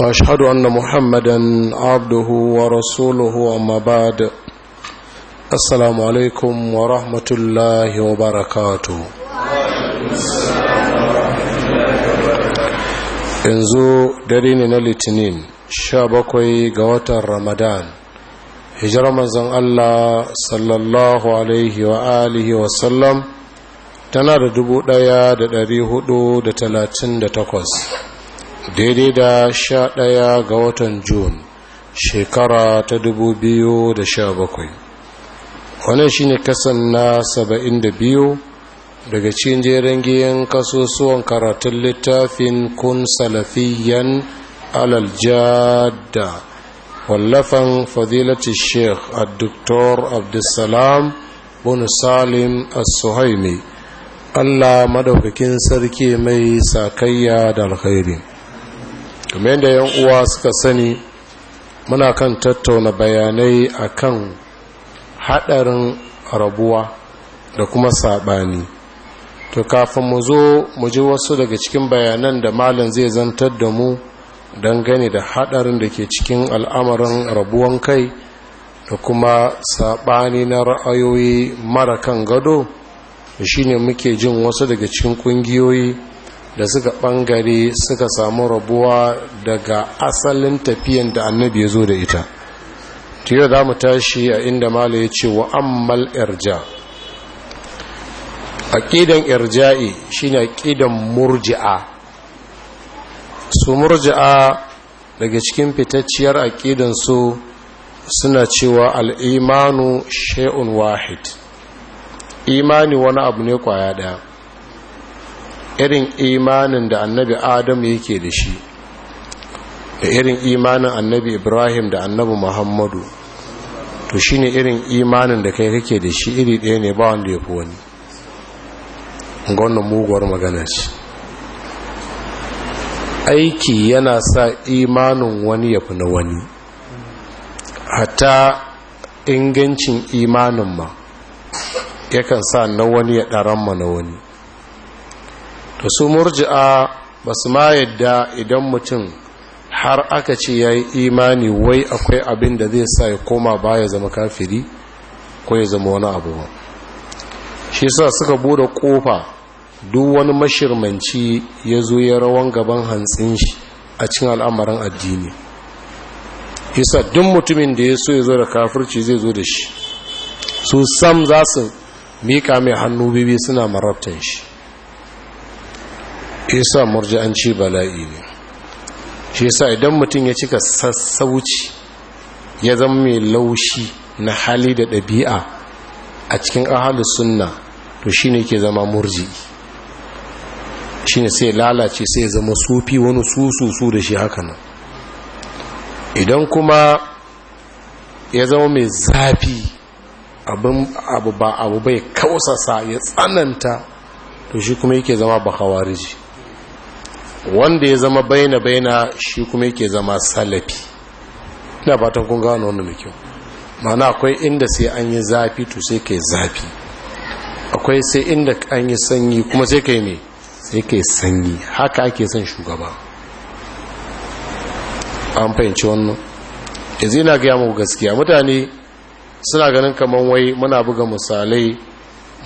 واشهد ان محمدا عبده ورسوله اما بعد السلام عليكم ورحمه الله وبركاته yanzu dare ne na litinin 17 ga watan ramadan hijirar manzon allah sallallahu alaihi wa alihi wa sallam tana da 1438 daidai da sha ɗaya ga watan Jun shekara ta dubu biyu da sha bakwai wannan shi ne kasan na saba'in da biyu daga cikin jerin giyan kasusuwan karatun littafin kun salafiyan alaljada wallafan fadilati sheikh a abdulsalam bin salim as-suhaimi allah madaukakin sarki mai sakayya da alkhairin kamar yadda yan uwa suka sani muna kan tattauna bayanai akan hadarin rabuwa da kuma sabani to kafin mu zo mu ji wasu daga cikin bayanan da malam zai zantar da mu dangane da hadarin da ke cikin al'amarin rabuwan kai da kuma sabani na ra'ayoyi mara kan gado shine muke jin wasu daga cikin kungiyoyi da suka bangare suka samu rabuwa daga asalin tafiyan da annabi ya zo da ita tiyo za mu tashi a inda mala ya ce wa ammal irja aƙidan irja'i shine ƙidan murji'a su murji'a daga cikin fitacciyar aƙidan su suna cewa al'imanu shay'un wahid imani wani abu ne kwaya ɗaya irin imanin da annabi adam yake da shi da irin imanin annabi ibrahim da annabi muhammadu to shi ne irin imanin da kai kake da shi iri ɗaya ne ba wanda ya fi wani ga muguwar magana aiki yana sa imanin wani ya fi na wani hata ingancin imanin ma yakan sa na wani ya ɗaran ma na wani to su murji'a ba su ma yadda idan mutum har aka ce ya yi imani wai akwai abin da zai sa ya koma ba ya zama kafiri ko ya zama wani abu ba shi sa suka bude kofa duk wani mashirmanci ya zo ya rawan gaban hantsin shi a cin al'amarin addini sa duk mutumin da ya so ya zo da kafirci zai zo da shi su sam za su mika mai hannu bibi suna marabtan shi isa murji'anci bala'i ne shi sa idan mutum ya cika sassauci ya zama mai laushi na hali da ɗabi'a a cikin ahalus sunna to shine ke zama murji, shine sai lalace sai zama sufi wani sususu da shi haka nan idan kuma ya zama mai zafi abu ba abu bai kausasa ya tsananta to shi kuma yake zama ba hawariji wanda ya zama baina baina shi kuma yake zama salafi ina fatan kun gano wannan da kyau mana akwai inda sai an yi zafi to sai kai zafi akwai sai inda an yi sanyi kuma sai kai me sai kai sanyi haka ake son shugaba an fahimci wannan yanzu ina gaya muku gaskiya mutane suna ganin kamar wai muna buga misalai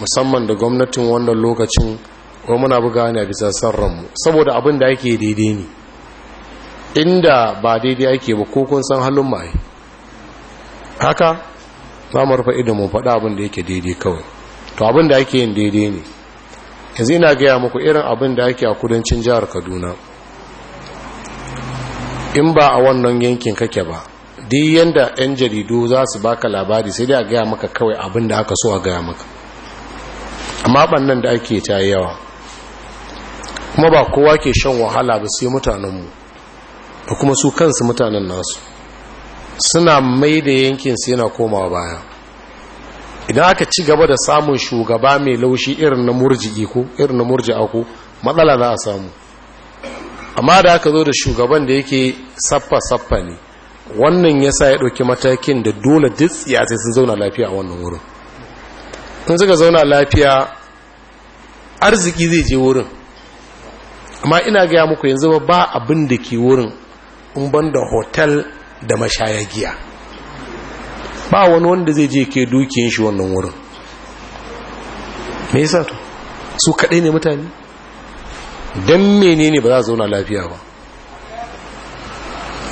musamman da gwamnatin wannan lokacin ko muna buga ne a bisa sarranmu saboda abin da ake daidai ne inda ba daidai ake ba ko kun san halin maye haka za mu rufe idan mu faɗa abin da yake daidai kawai to abin da ake yin daidai ne yanzu ina gaya muku irin abin da ake a kudancin jihar kaduna in ba a wannan yankin kake ba duk yanda 'yan jaridu za su baka labari sai dai a gaya maka kawai abin da aka so a gaya maka amma ɓannan da ake ta yawa kuma ba kowa ke shan wahala ba sai mutanenmu da kuma su kansu mutanen nasu suna mai da yankinsu yana koma baya idan aka ci gaba da samun shugaba mai laushi irin na murji ko irin na murji ako matsala za a samu amma da aka zo da shugaban da yake saffa-saffa ne wannan ya sa ya ɗauki matakin da dole ya sai sun zauna lafiya a wannan wurin in suka zauna lafiya arziki zai je wurin amma ina gaya muku yanzu ba abin da ke wurin in ban da hotel da mashayagiya ba wani wanda zai je ke dukiyin shi wannan wurin me yasa to su kaɗai ne mutane don menene ba za a zauna lafiya ba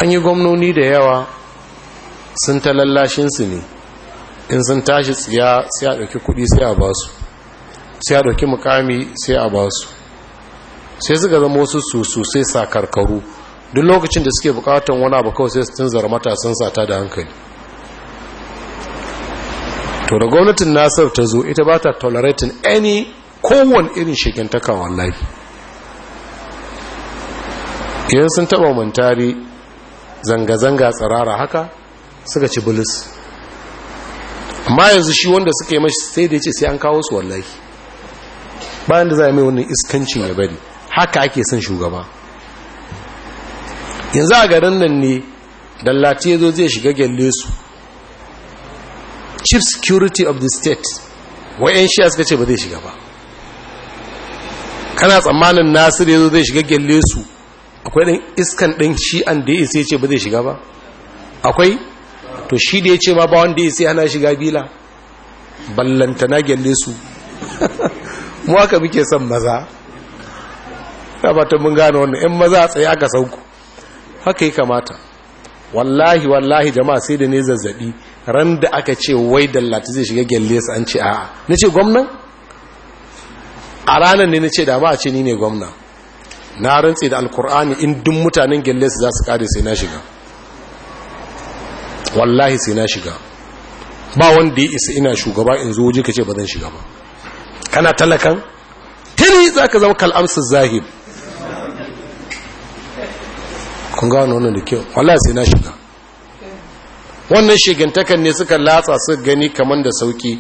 an yi gwamnoni da yawa sun ta su ne in sun tashi tsiya sai a ɗauki kuɗi sai a basu sai a ɗauki mukami sai a basu sai suka zama wasu su sai sakarkaru duk lokacin da suke bukatan wani abu kawai sai su tunzara matasan sata da hankali to da gwamnatin nasar ta zo ita ba ta toleratin any kowane irin shigantaka wallahi yin sun taba mantari zanga-zanga tsirara haka suka ci bilis amma yanzu shi wanda suka yi mashi sai da ya ce sai an kawo su wallahi bayan da za a mai wannan iskancin ya bari haka ake son shugaba yanzu a garin nan ne dallaci ya zo zai shiga gyalle su chief security of the state wa'yan shi suka ce ba zai shiga ba kana tsammanin nasir ya zo zai shiga gyalle su akwai ɗin iskan ɗin an da ya isa ya ce ba zai shiga ba akwai to shi da ya ce ma ba wanda ya isa ana shiga bila ballantana gyalle su mu aka muke son maza ba ta mun gane wannan in maza tsaye aka sauko. haka yi kamata wallahi wallahi jama'a sai da ne zazzabi ran da aka ce wai dallata zai shiga gyalle su an ce a'a na ce gwamnan a ranar ne na ce dama a ce ni ne gwamna na rantse da alkur'ani in dun mutanen gyalle su za su kare sai na shiga wallahi sai na shiga ba wanda ya isa ina shugaba in zo waje ka ce ba zan shiga ba kana talakan tiri za ka zama kal'amsu zahib kun gano wannan da kyau wallahi sai na shiga wannan shigantakan ne suka latsa su gani kamar da sauki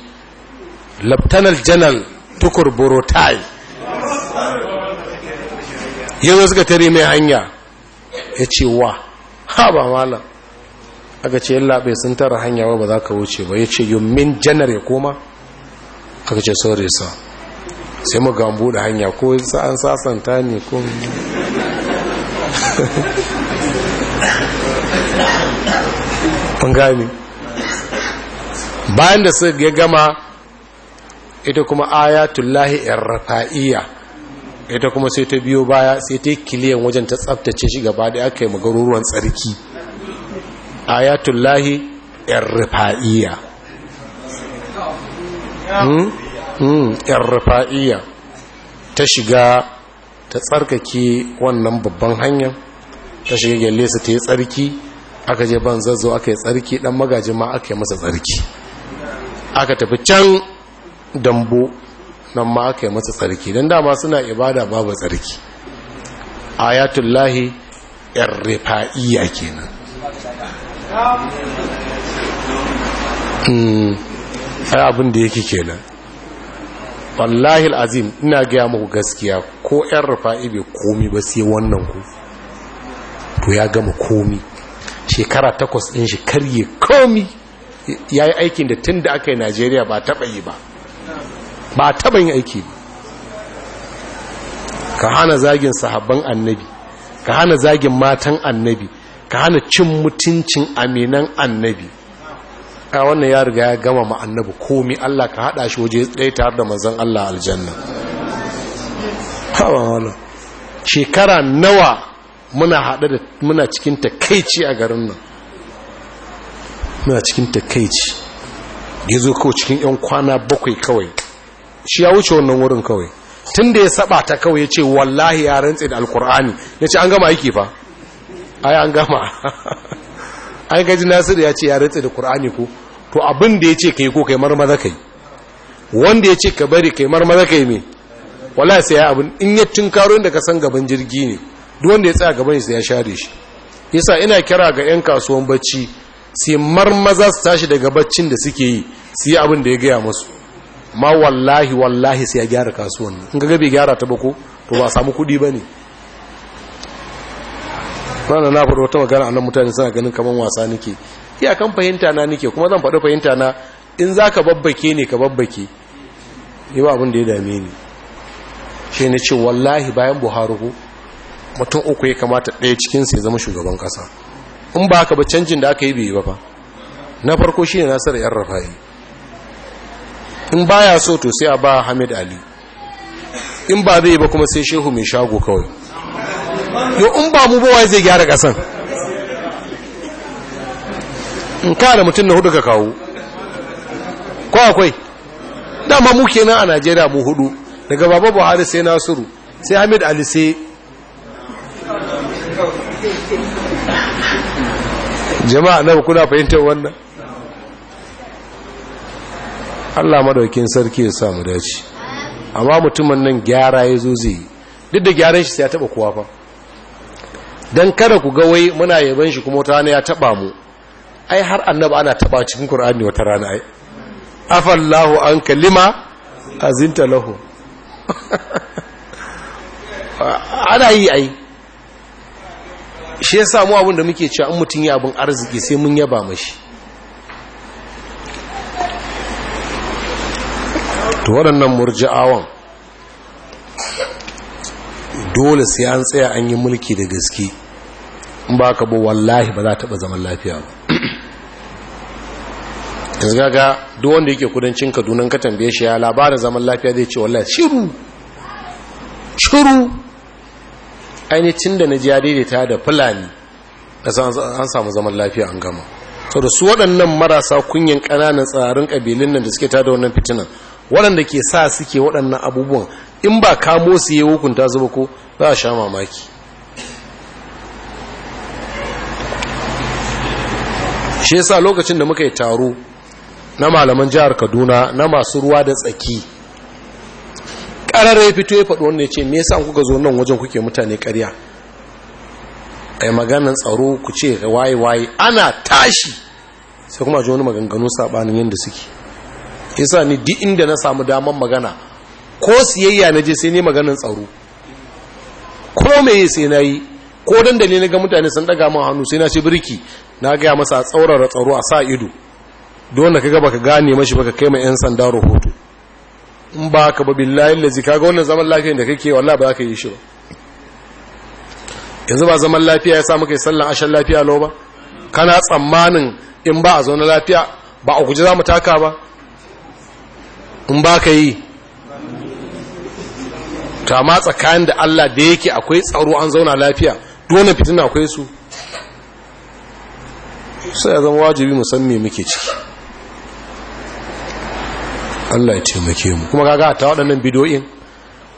laftanar janar tukur borotai yanzu suka tare mai hanya ya ce wa ha ba mala aka ce yin labe sun tara hanya ba za ka wuce ba ya ce min janar ya koma aka ce sorry sa sai mu gambu da hanya ko an sasanta ne ko bayan da su ya gama ita kuma ayatullahi irrafa'iyya ita kuma sai ta biyo baya sai ta yi kiliyan wajen ta tsabtace shi gaba da aka yi magaruruwan tsarki ayatullahi irrafa'iyya irrafa'iyya hmm? hmm, ta shiga ta tsarkake wannan babban hanyar ta shiga gyalle su ta yi tsarki aka je ban zazzo aka yi tsarki dan magajin ma aka yi masa tsarki aka tafi can dambo nan ma aka yi masa tsarki don dama suna ibada babu tsarki ayatullahi irrifa'iyya kenan hmm. ai abin da yake kenan wallahi azim ina gaya muku gaskiya ko yan rifa'i bai komi ba sai wannan ku to ya gama komi shekara takwas ɗin shi karye komi ya yi aikin da tun da aka yi najeriya ba taɓa yi ba ba taɓa yin aiki ka hana zagin sahabban annabi ka hana zagin matan annabi ka hana cin mutuncin aminan annabi a wannan ya riga ya gama ma annabi komi allah ka haɗa shi waje ɗaya tare da manzan allah aljanna shekara nawa muna haɗe da muna cikin takaici a garin nan muna cikin takaici ya zo kawai cikin 'yan kwana bakwai kawai shi ya wuce wannan wurin kawai tun da ya saba ta kawai ya ce wallahi ya rantse da alkur'ani ya ce an gama aiki fa ai an gama ai gaji nasir ya ce ya rantse da kur'ani ko to abin da ya ce ka yi ko kai marmaza ka yi wanda ya ce ka bari kai marmaza ka yi me wallahi sai ya abin in ya tunkaro inda ka san gaban jirgi ne wanda ya tsaya gaban ya share shi yasa ina kira ga 'yan kasuwan bacci sai marmaza su tashi daga baccin da suke yi su yi abin da ya gaya masu ma wallahi wallahi sai ya gyara kasuwan in ga gabe gyara ta bako to ba samu kudi ba ne na na faɗo ta magana annan mutane suna ganin kamar wasa nake kan fahimta na nake kuma zan faɗi fahimta na in za ka babbake ne ka babbake yi abin da ya dame ni shi ne ce wallahi bayan buhari ko mutum uku ya kamata ɗaya cikinsu ya zama shugaban ƙasa in ba haka ba canjin da aka yi bai ba fa na farko shi ne nasarar yan rafa'i in baya so to sai a ba hamid ali in ba zai ba kuma sai shehu mai shago kawai yau in ba mu bawa zai gyara ƙasan in ka da mutum na hudu ka kawo ko akwai dama mu kenan a najeriya mu hudu daga baba buhari sai nasiru sai hamid ali sai jama'a na kuna fahimtar wannan Allah madaukin sarki ya samu dace amma mutumin nan gyara ya zo zai duk da gyaran shi sai ya taba kowa fa dan kada ku ga wai muna yaban shi kuma wata rana ya taba mu ai har annabi ana taba cikin qur'ani wata rana ai afallahu an kalima azinta lahu ana yi ai shi ya samu abin da muke cewa an mutum yi abin arziki sai mun yaba mashi to waɗannan murji'awan dole sai an tsaya an yi mulki da gaske in ba ka bo wallahi ba za taɓa zaman lafiya ba yanzu gaga duk wanda yake kudancin kaduna ka tambaye shi ya labarin zaman lafiya zai ce wallahi shiru shiru ainihin da na ji ya daidaita da fulani an samu zaman lafiya an gama to da su waɗannan marasa kunyan ƙananan tsarin ƙabilun nan da suke ta da wannan fitinan waɗanda ke sa suke waɗannan abubuwan in ba kamo su yi hukunta zuba ko za a sha mamaki shi yasa lokacin da muka yi taro na malaman jihar kaduna na masu ruwa da tsaki ƙarar ya fito ya faɗi wannan ya ce me yasa kuka zo nan wajen kuke mutane karya? a yi maganan tsaro ku ce waye waye ana tashi sai kuma ji wani maganganu saɓanin yadda suke yasa ni duk inda na samu damar magana ko siyayya na je sai ne maganan tsaro ko me sai na yi ko dandali na ga mutane sun ɗaga min hannu sai na ci birki na gaya masa tsaurara tsaro a sa ido don da ka gaba ka gane mashi baka kai ma 'yan sanda rahoto in ba ka layin da zika kaga wannan zaman lafiya da kake wallah ba za ka yi shi ba yanzu ba zaman lafiya ya samu kai sallan ashar lafiya lau ba kana tsammanin in ba a zaune lafiya ba a guji za mu taka ba in ba ka yi matsa kayan da Allah da yake akwai tsaro an zauna lafiya dole fitina akwai su sai ya zama wajibi musamman muke ciki Allah ya taimake mu kuma kaga ta waɗannan bidoyin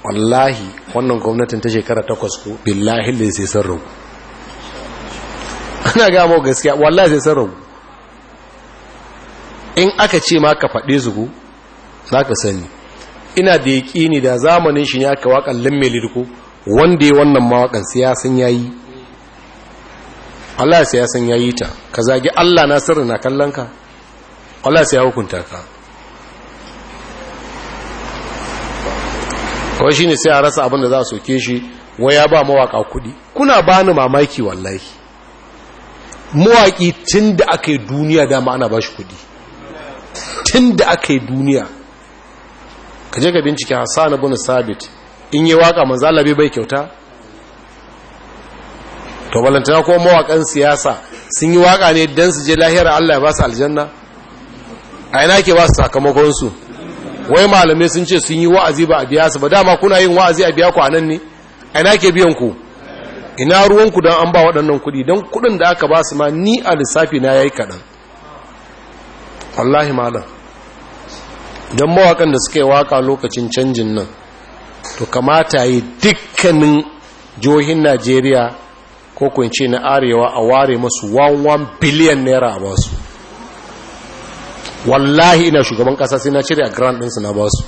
wallahi wannan gwamnatin ta shekara takwas ko billahi lai sai san ragu ana ga mu gaskiya wallahi sai san ragu in aka ce ma ka faɗe su ku za ka sani ina da yaƙini da zamanin shi ne aka waƙan lammelir ko wanda ya wannan mawaƙan siyasan ya yi Allah siyasan ya yi ta ka zagi Allah nasiru na kallon ka Allah sai ya hukunta ka kawai shi ne sai a rasa abin da za a soke shi waya ba mawaka kudi kuna bani mamaki wallahi mawaki tun da aka yi duniya dama ana ba shi kudi tun da aka yi duniya ka je ga bincike hassan sabit in yi waka manzalabi bai kyauta to balantana ko mawakan siyasa sun yi waka ne don su je lahiyar Allah ya ba su aljanna a yana ke ba su sakamakonsu wai malamai sun ce sun yi wa'azi ba a biya su ba dama kuna yin wa'azi a biya ku a nan ne a ina ke biyan ku ina ruwanku don an ba waɗannan kuɗi don kuɗin da aka ba su ma ni a lissafi na ya yi kaɗan wallahi malam don mawaƙan da suka yi waƙa lokacin canjin nan to kamata yi dukkanin jihohin najeriya ko kunce na arewa a ware masu 1 biliyan naira a basu wallahi ina shugaban kasa sai na cire a grant ɗinsu na ba su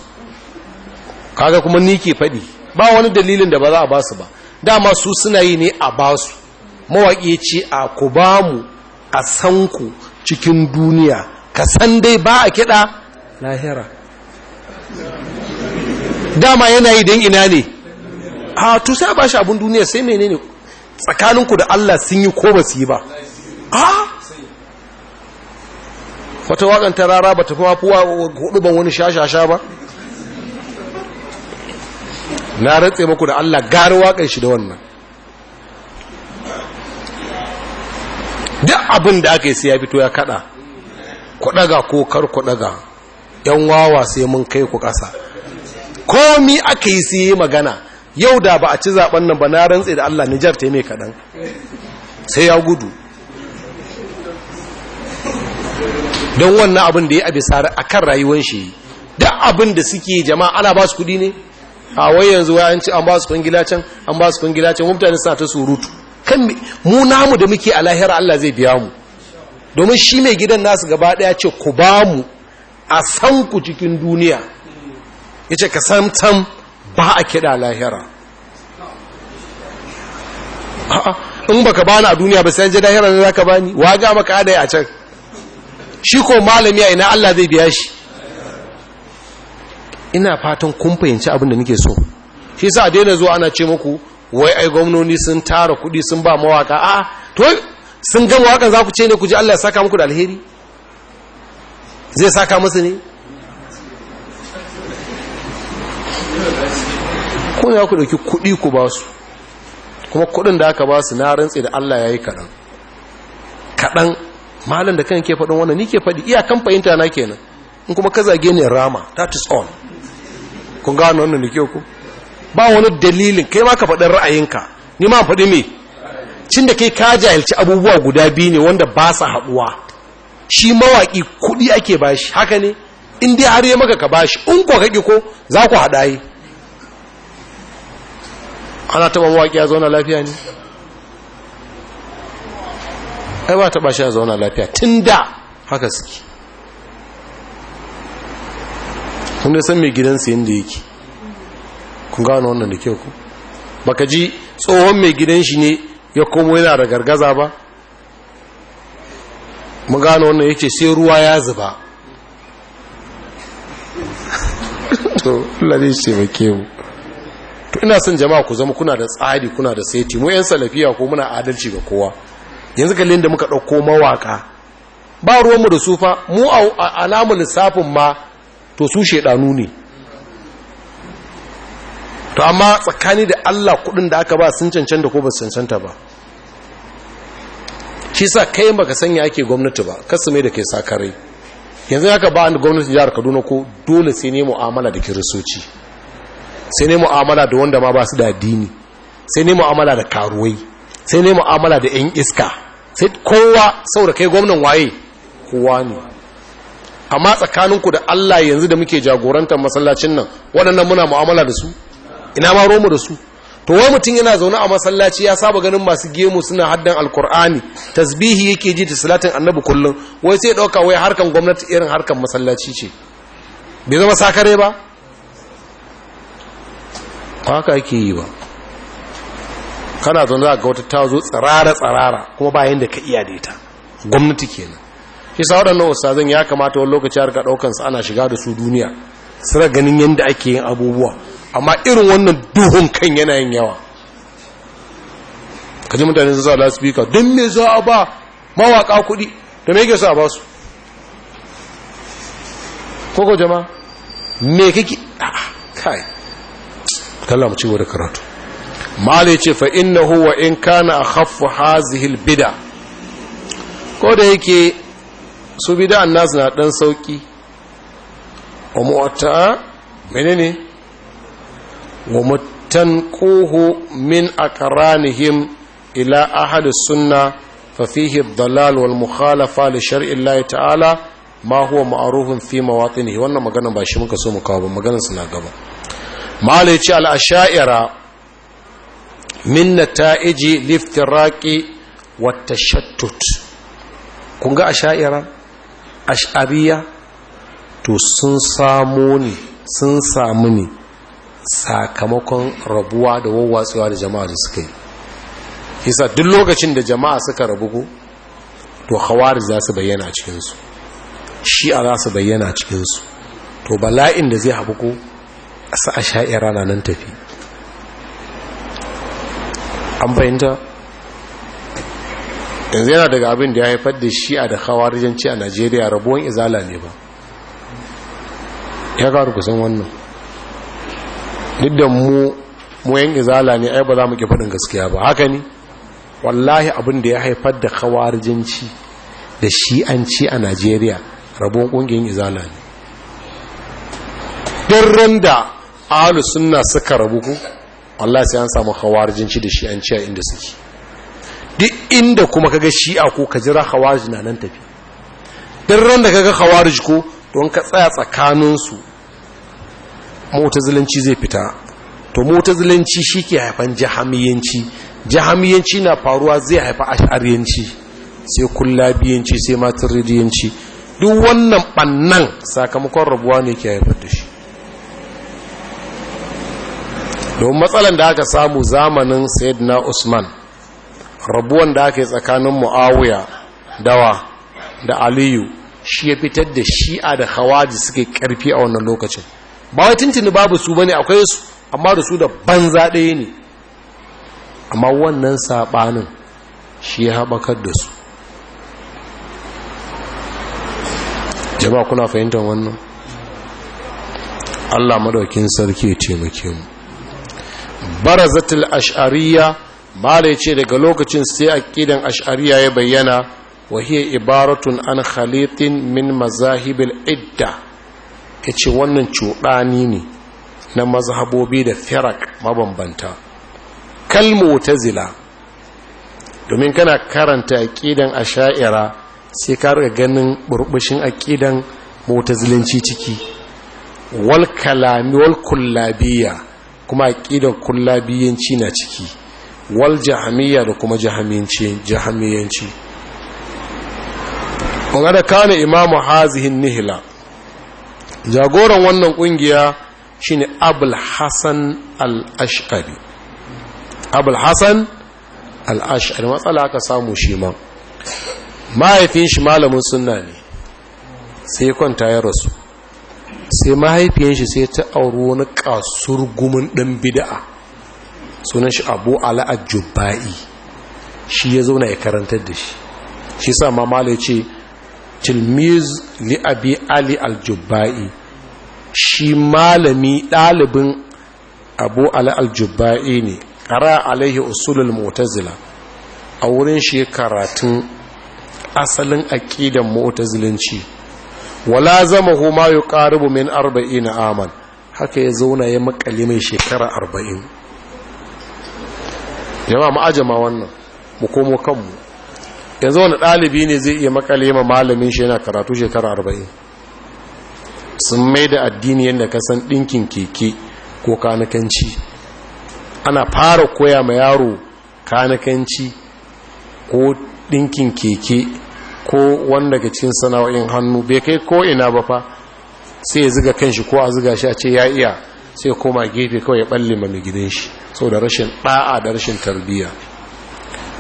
kaga kuma ni ke faɗi ba wani dalilin da ba za a ba su ba dama su suna yi ne a ba su mawaƙi ce a ku ba mu a san ku cikin duniya ka san dai ba a kiɗa lahira dama yana yi don ina ne a to sai ba shi abin duniya sai menene tsakaninku da Allah sun yi ko ba su yi ba a wata wakan ta ba ta fi fuwa hudu ban wani shashasha ba na rantse maku da Allah gari wakan shi da wannan duk abin da aka yi sai ya fito ya kada kudaga ko kar kudaga yan wawa sai mun kai ku kasa komi aka yi sai magana yau da ba a ci zaɓen nan ba na rantse da Allah Nijar ta yi mai kadan sai ya gudu don wannan abin da ya abi sare a kan rayuwar shi duk abin da suke jama'a ana ba su kuɗi ne a wai yanzu wai an an ba su kwangila can an ba su kwangila can mutane suna ta surutu kan mu namu da muke a lahira Allah zai biya mu domin shi mai gidan nasu gaba daya ce ku ba mu a san ku cikin duniya ya ce ka san tam ba a kiɗa lahira in baka bani a duniya ba sai an je lahira ne za ka bani waga maka adai a can shi ko malami a ina Allah zai biya shi ina fatan kun fahimci abin da nake so shi sa daina zuwa ana ce muku wai ai gwamnoni sun tara kuɗi sun ba mawaka a to sun gama wakan za ku ce ne ku ji Allah ya saka muku da alheri zai saka musu ne ko ya ku ɗauki kuɗi ku ba su kuma kuɗin da aka ba su na rantse da Allah ya yi kaɗan kaɗan malam da kan ke faɗin wannan ni ke faɗi iyakan fahimta na kenan in kuma ka zage ni rama that is all kun gano wannan da ke ku ba wani dalilin kai ma ka faɗin ra'ayinka ni ma faɗi me cin da kai ka jahilci abubuwa guda biyu ne wanda ba sa haɗuwa shi mawaƙi kuɗi ake bashi haka ne in dai har maka ka bashi in ko ka ko za ku haɗa yi ana taɓa mawaƙi ya zauna lafiya ne ai ba taɓa shi a zauna lafiya tun da haka suke tun da san mai gidansa yadda yake kun gano wannan da kyau ku baka ji tsohon mai gidan shi ne ya komo yana da gargaza ba mu gano wannan yake sai ruwa ya zuba to lalai ce mai kewu to ina son jama'a ku zama kuna da tsari kuna da saiti mu 'yan salafiya ko muna adalci ga kowa yanzu kalli da muka ɗauko mawaƙa ba ruwanmu da su mu a alamun lissafin ma to su shaidanu ne to amma tsakani da Allah kudin da aka ba sun cancanta ko ba su cancanta ba shi sa kai baka sanya ake gwamnati ba kasu mai da kai kare yanzu aka ba da gwamnati jihar Kaduna ko dole sai ne mu'amala da kiristoci sai ne mu'amala da wanda ma ba su da addini sai ne mu'amala da karuwai sai ne mu'amala da 'yan iska sai kowa saboda kai gwamnan waye kowa ne amma tsakaninku da Allah yanzu da muke jagorantar masallacin nan waɗannan muna mu'amala da su ina ma romu da su to wai mutum yana zaune a masallaci ya saba ganin masu gemu suna haddan alkur'ani tasbihi yake ji ta salatin annabi kullum wai sai ɗauka wai harkan gwamnati irin harkan masallaci ce bai zama sakare ba haka yake yi ba kana zo za ga wata ta zo tsarara tsirara kuma bayan da ka iya da ita gwamnati kenan shi sa waɗannan ustazan ya kamata wani lokaci har ga ɗaukansu ana shiga da su duniya su ra ganin yadda ake yin abubuwa amma irin wannan duhun kan yana yin yawa kaji mutane sun sa laspika don me za a ba mawaka kuɗi da me yake sa ba su koko jama me kake kai kallon mu ci da karatu Mali ce fa innahu wa in kana akhaffu hazihi bida. ko da yake su bid'an nasu na ɗan sauki wa mu'atta menene wa mutanquhu min aqranihim ila ahad sunna fa fihi dalal wal mukhalafa li shar'illahi ta'ala ma huwa ma'rufun fi mawatinihi wannan magana ba shi muka so mu kawo ba maganar suna gaba Mali ce al asha'ira min nata'iji liftiraqi wa tashattut kun ga asha'ira ash'ariya to sun samu ne sun samu ne sakamakon rabuwa da wawwatsewa da jama'a da suka yi isa duk lokacin da jama'a suka rabu ko to khawarij za su bayyana cikinsu shi'a za su bayyana cikinsu to bala'in da zai haɓu ko su a sha'ira na nan tafi an fahimta yanzu yana daga abin da ya haifar da shi'a da khawarijanci a najeriya rabuwan izala ne ba ya kawo kusan wannan duk da mu muyan izala ne ai ba za mu ki faɗin gaskiya ba haka ne wallahi abin da ya haifar da khawarijanci da shi'anci a najeriya rabuwan ƙungiyar izala ne ɗin randa Alu suna suka rabu ku Allah sai an samu hawarjinci da shi an a inda suke duk inda kuma kaga shi'a ko ka jira hawarji na nan tafi duk ran da kaga hawarij ko don ka tsaya tsakanin tsakaninsu mutazilanci zai fita to mota mutazilanci shi ke haifan jahamiyanci jahamiyanci na faruwa zai haifa ash'ariyanci sai kullabiyanci sai matiridiyanci duk wannan bannan sakamakon rabuwa ne ke haifar da shi don matsalan da aka samu zamanin na usman rabuwan da aka yi tsakanin mu'awuya dawa da aliyu shi ya fitar da shi'a da hawaji suke karfi a wannan lokacin ba wai tuntuni babu su bane akwai su amma da su da banza ɗaya ne amma wannan saɓanin shi ya haɓakar da su jama'a kuna fahimtar wannan allah madaukin sarki ya taimake mu barazatul ash'ariya mala ce daga lokacin sai aqidan ash'ariya ya bayyana wa hiya ibaratun an khalitin min mazahibil idda yace wannan cuɗani ne na mazhabobi da firak mabambanta kal mu'tazila domin kana karanta aqidan ash'ira sai ka riga ganin burbushin aqidan mu'tazilanci ciki wal kalami wal kullabiyya kuma kula biyanci na ciki wal jahamiyya da kuma jahamiyanci jahamiyanci da imamu hazihin nihila jagoran wannan ƙungiya shine abul Hassan al matsala aka samu shi ma mahaifin shi malamin suna ne sai kwanta ya rasu sai mahaifiyan shi sai ta auri wani kasur gumin ɗan bida'a sunan shi abu ala'ad jubba'i shi ya zauna ya karantar da shi shi sa mamala ya ce tilmiz li abi ali al shi malami ɗalibin abu ala'ad jubba'i ne ƙara alaihi usulul mutazila a wurin shi karatun asalin aƙidan mutazilanci wala zama huma yi ƙaribu min arba'i na aman haka ya zauna ya makali mai shekara arba'in jama'a ma'ajama wannan mu komo kanmu yanzu wani ɗalibi ne zai iya makale ma malamin shi yana karatu shekara arba'in sun mai da addini yadda ka san ɗinkin keke ko kanakanci ana fara koya ma yaro kanakanci ko ɗinkin keke ko wanda daga cikin sana'o'in hannu bai kai ko ina ba fa sai ya ziga kanshi ko a ziga shi a ce ya iya sai koma gefe kawai ya balle ma mai gidan shi da rashin ɗa'a da rashin tarbiyya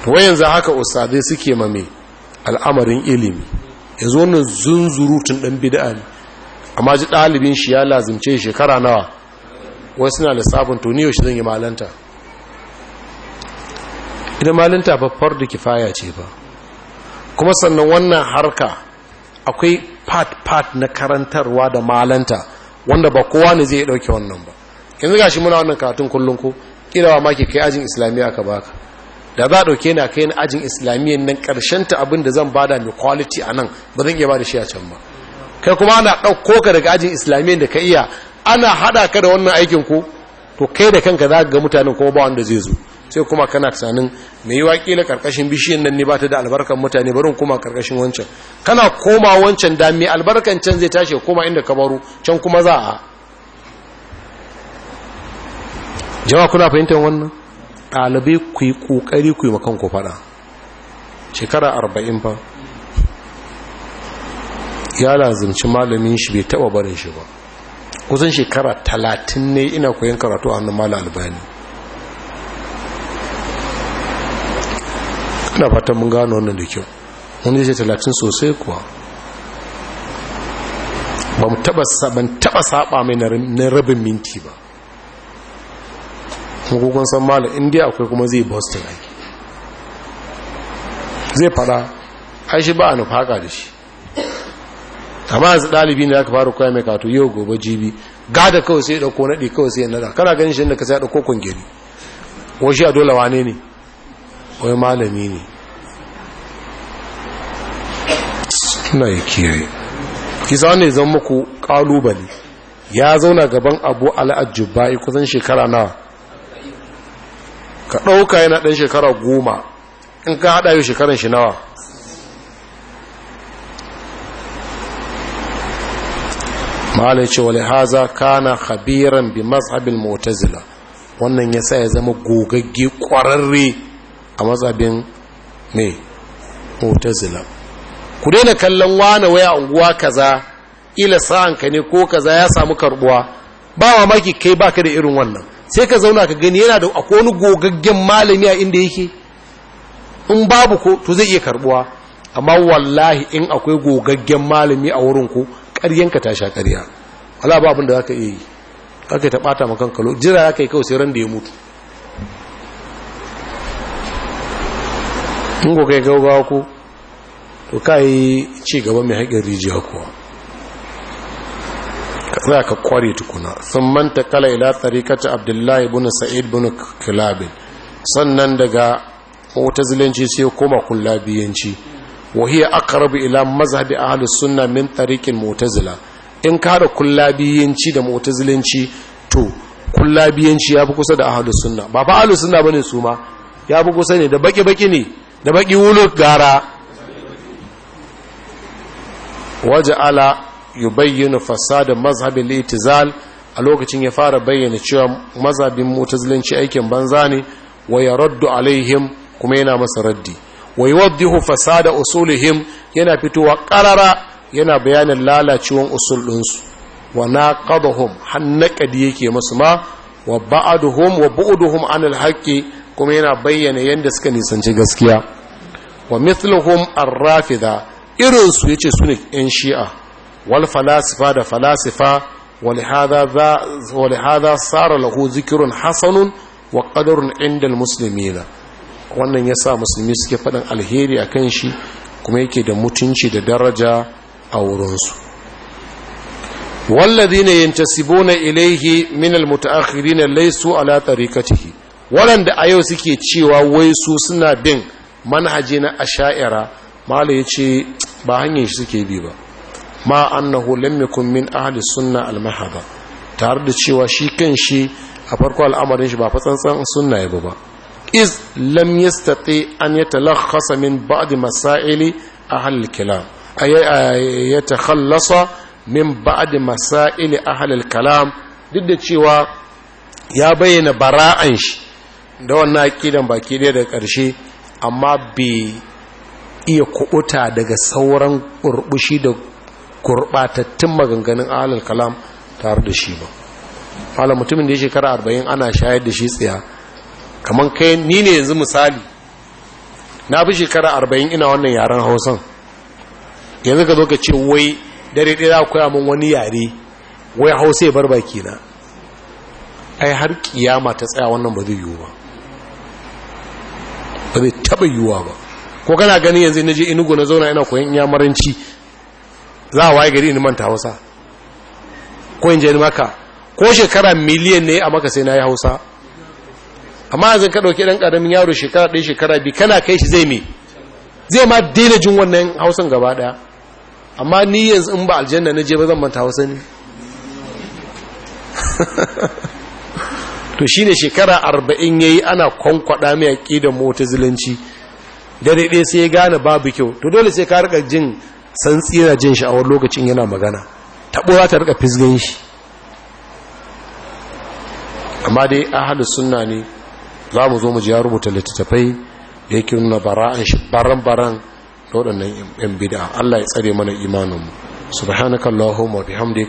to yanzu haka ustadai suke ma mai al'amarin ilimi ya zo wannan zunzurutun dan bida'a ne amma ji ɗalibin shi ya lazimce shekara nawa wai suna lissafin to ni yaushe zan yi malanta idan malanta babbar da kifaya ce ba kuma sannan wannan harka akwai part-part na karantarwa da malanta wanda ba kowa ne zai dauke wannan ba yanzu gashi muna wannan karatun kullum ku, kirawa ma ke kai ajin islamiyya ka baka da za a dauke na kai ajin islamiyya nan karshen ta abin da zan bada mai quality a nan ba zan iya bada shi a can ba kai kuma ana ɗauko ka daga ajin islamiyya da ka iya ana hada ka da wannan aikin ko to kai da kanka za ga mutanen kuma ba wanda zai zo sai kuma kana tsanin mai yiwa la karkashin bishiyan nan ne ba ta da albarkan mutane barin kuma karkashin wancan kana koma wancan da mai albarkan can zai tashi koma inda ka baro can kuma za a jama'a kuna fahimtar wannan ɗalibai ku yi ƙoƙari ku yi makan ku faɗa shekara arba'in fa ya lazimci malamin shi bai taɓa barin shi ba kusan shekara talatin ne ina koyon karatu a hannun malam albani ina fatan mun gano wannan da kyau wani zai talatin sosai kuwa ba mu taba saba mai na rabin minti ba hukukun san malam indiya akwai kuma zai boston aiki zai fada shi ba a nufaka da shi amma yanzu ɗalibi ne aka fara koya mai kato yau gobe jibi gada kawai sai ya ɗauko naɗi kawai sai ya nada kana ganin shi da ka sai ya ɗauko kwangiri wasu a dole wane ne wai malami ne suna ya kiyaye kisa ne zan muku kalubale ya zauna gaban abu al'ajubai kusan shekara nawa ka ɗauka yana ɗan shekara goma in ka haɗa yau shekaran shi nawa malai ce wale haza kana khabiran bi mazhabin motazila wannan ya sa ya zama gogagge ƙwararre a mazabin mai mutazila ku daina kallon wane waya unguwa kaza ila ka ne ko kaza ya samu karbuwa ba mamaki kai baka da irin wannan sai ka zauna ka gani yana da akwai wani gogaggen malami a inda yake in babu ko to zai iya karbuwa amma wallahi in akwai gogaggen malami a wurin ku ƙaryanka ta sha ƙarya wala ba abin da zaka yi kake ta bata makan kalo. jira zaka yi kawai sai ran da ya mutu in ku kai gaugawa ku to ka ci gaba mai haƙin rijiya kuwa za ka kware tukuna sun manta kala ila tsarikata abdullahi bin sa'id bin kilabin sannan daga zilanci sai koma kula kullabiyanci wahiya aqrabu ila mazhabi ahlus sunna min tsarikin mu'tazila in ka da biyanci da mu'tazilanci to kula biyanci ya fi kusa da ahlus sunna ba fa ahlus sunna bane su ma fi kusa ne da baki baki ne da baki wuluk gara waje ala yi bayyana fasada mazhabin litizal a lokacin ya fara bayyana cewa mazhabin mutazilanci aikin banza ne wa ya raddu alaihim kuma yana masa raddi wa yuwaddihu fasada usulihim yana fitowa karara yana bayanin lalacewan usul ɗinsu wa naqadahum hannakadi yake masu ma wa ba'aduhum wa bu'duhum anil haƙƙi kuma yana bayyana yadda suka nisanci gaskiya wa mithluhum ar-rafida irinsu yace su ne yan shi'a wal falasifa da falasifa ولهذا ذا lahu zikirun له wa ƙadarun وقدر musulmi na wannan yasa musulmi suke faɗin alheri a kan shi kuma yake da mutunci da daraja a wurinsu walladhina yantasibuna ilayhi min almutaakhirin laisu ala tariqatihi waɗanda a yau suke cewa wai su suna bin manhaji na asha'ira malu ya ce ba hanyar shi suke bi ba ma annahu lam yakun min ahli sunna almaha ba tare da cewa shi kan shi a farko al'amarin shi ba fatsantsan sunna ya ba iz lam yastati an talakasa min da masaili ahli al-kalam ta yatakhallasa min da masaili a al-kalam duk da cewa ya bayyana bara'an shi da wannan aqidan baki ɗaya da ƙarshe amma bai iya kubuta daga sauran kurbushi da gurɓatattun maganganun alal kalam tare da shi ba fala mutumin da ya shekara arba'in ana shayar da shi tsaya kamar kai ni ne yanzu misali na fi shekara arba'in ina wannan yaren hausan yanzu ka zo ka ce wai dare ɗaya za koya min wani yare wai hausa ya bar baki na ai har kiyama ta tsaya wannan ba zai yiwu ba ba zai taɓa yiwuwa ba ko kana gani yanzu na je inugu na zauna ina koyon yamaranci za a waye gari in manta hausa ko in je maka ko shekara miliyan ne a maka sai na yi hausa amma yanzu ka ɗauki ɗan ƙaramin yaro shekara ɗaya shekara biyu kana kai shi zai me zai ma daina jin wannan hausan gaba ɗaya amma ni yanzu in ba aljanna na je ba zan manta hausa ne to shi ne shekara arba'in ya yi ana kwankwada mai da motazilanci dare ɗaya sai ya gane babu kyau to dole sai ka rika jin san tsira jin sha'awar lokacin yana magana taɓo za ta rika fisgan shi amma dai hada sunna ne za mu zo mu ji ya rubuta littattafai da yake nuna bara'an shi baran-baran da waɗannan 'yan bida Allah ya tsare mana imaninmu subhanakallahumma bihamdik